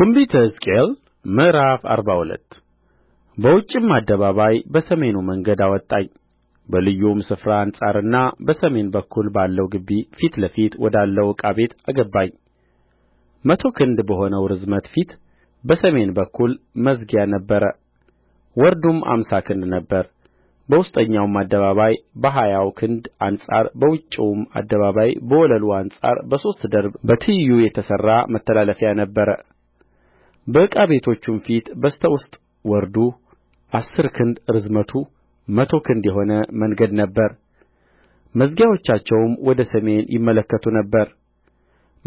ትንቢተ ሕዝቅኤል ምዕራፍ አርባ ሁለት በውጭውም አደባባይ በሰሜኑ መንገድ አወጣኝ በልዩውም ስፍራ አንጻርና በሰሜን በኩል ባለው ግቢ ፊት ለፊት ወዳለው ዕቃ ቤት አገባኝ መቶ ክንድ በሆነው ርዝመት ፊት በሰሜን በኩል መዝጊያ ነበረ ወርዱም አምሳ ክንድ ነበረ በውስጠኛውም አደባባይ በሀያው ክንድ አንጻር በውጭውም አደባባይ በወለሉ አንጻር በሦስት ደርብ በትይዩ የተሠራ መተላለፊያ ነበረ በዕቃ ቤቶቹም ፊት በስተ ውስጥ ወርዱ አሥር ክንድ ርዝመቱ መቶ ክንድ የሆነ መንገድ ነበረ መዝጊያዎቻቸውም ወደ ሰሜን ይመለከቱ ነበር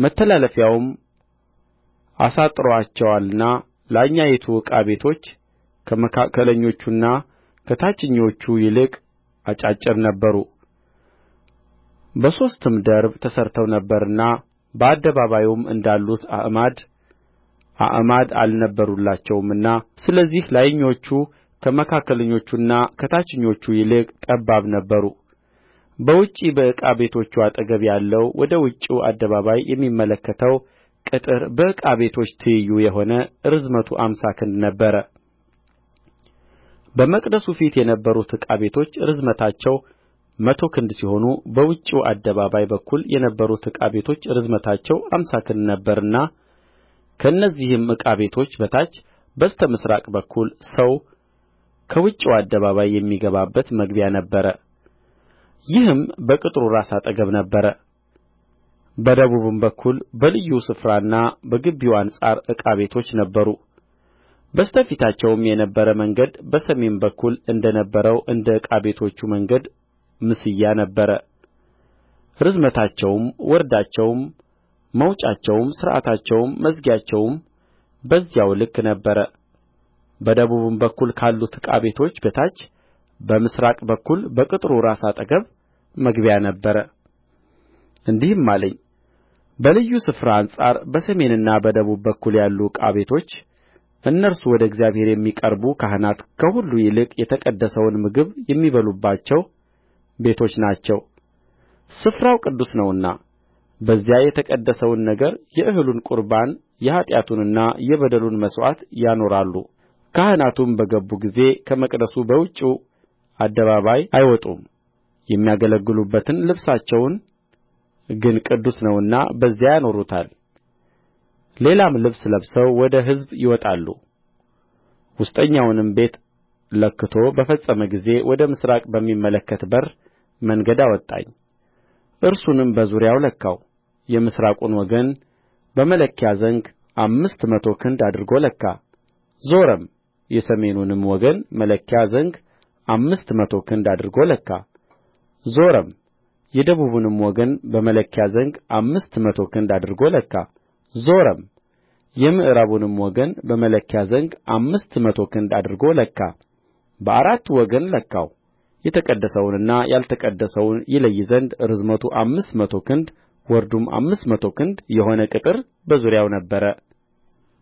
መተላለፊያውም አሳጥሮአቸዋልና ላይኞቹ ዕቃ ቤቶች ከመካከለኞቹና ከታችኞቹ ይልቅ አጫጭር ነበሩ በሦስትም ደርብ ተሠርተው ነበርና በአደባባዩም እንዳሉት አዕማድ አዕማድ አልነበሩላቸውምና ስለዚህ ላይኞቹ ከመካከለኞቹና ከታችኞቹ ይልቅ ጠባብ ነበሩ በውጭ በዕቃ ቤቶቹ አጠገብ ያለው ወደ ውጭው አደባባይ የሚመለከተው ቅጥር በዕቃ ቤቶች ትይዩ የሆነ ርዝመቱ አምሳ ክንድ ነበረ በመቅደሱ ፊት የነበሩት ዕቃ ቤቶች ርዝመታቸው መቶ ክንድ ሲሆኑ በውጭው አደባባይ በኩል የነበሩት ዕቃ ቤቶች ርዝመታቸው አምሳ ክንድ ነበረና ከእነዚህም ዕቃ ቤቶች በታች በስተ ምሥራቅ በኩል ሰው ከውጭው አደባባይ የሚገባበት መግቢያ ነበረ ይህም በቅጥሩ ራስ አጠገብ ነበረ በደቡብም በኩል በልዩ ስፍራና በግቢው አንጻር ዕቃ ቤቶች ነበሩ በስተ ፊታቸውም የነበረ መንገድ በሰሜን በኩል እንደ ነበረው እንደ ዕቃ ቤቶቹ መንገድ ምስያ ነበረ ርዝመታቸውም ወርዳቸውም መውጫቸውም ሥርዓታቸውም መዝጊያቸውም በዚያው ልክ ነበረ በደቡብም በኩል ካሉት ዕቃ ቤቶች በታች በምሥራቅ በኩል በቅጥሩ ራስ አጠገብ መግቢያ ነበረ እንዲህም አለኝ በልዩ ስፍራ አንጻር በሰሜንና በደቡብ በኩል ያሉ ዕቃ ቤቶች እነርሱ ወደ እግዚአብሔር የሚቀርቡ ካህናት ከሁሉ ይልቅ የተቀደሰውን ምግብ የሚበሉባቸው ቤቶች ናቸው ስፍራው ቅዱስ ነውና በዚያ የተቀደሰውን ነገር የእህሉን ቍርባን የኃጢአቱንና የበደሉን መሥዋዕት ያኖራሉ ካህናቱም በገቡ ጊዜ ከመቅደሱ በውጭው አደባባይ አይወጡም የሚያገለግሉበትን ልብሳቸውን ግን ቅዱስ ነውና በዚያ ያኖሩታል ሌላም ልብስ ለብሰው ወደ ሕዝብ ይወጣሉ ውስጠኛውንም ቤት ለክቶ በፈጸመ ጊዜ ወደ ምሥራቅ በሚመለከት በር መንገድ አወጣኝ እርሱንም በዙሪያው ለካው የምሥራቁን ወገን በመለኪያ ዘንግ አምስት መቶ ክንድ አድርጎ ለካ ዞረም የሰሜኑንም ወገን መለኪያ ዘንግ አምስት መቶ ክንድ አድርጎ ለካ ዞረም የደቡቡንም ወገን በመለኪያ ዘንግ አምስት መቶ ክንድ አድርጎ ለካ ዞረም የምዕራቡንም ወገን በመለኪያ ዘንግ አምስት መቶ ክንድ አድርጎ ለካ በአራቱ ወገን ለካው የተቀደሰውንና ያልተቀደሰውን ይለይ ዘንድ ርዝመቱ አምስት መቶ ክንድ ወርዱም አምስት መቶ ክንድ የሆነ ቅጥር በዙሪያው ነበረ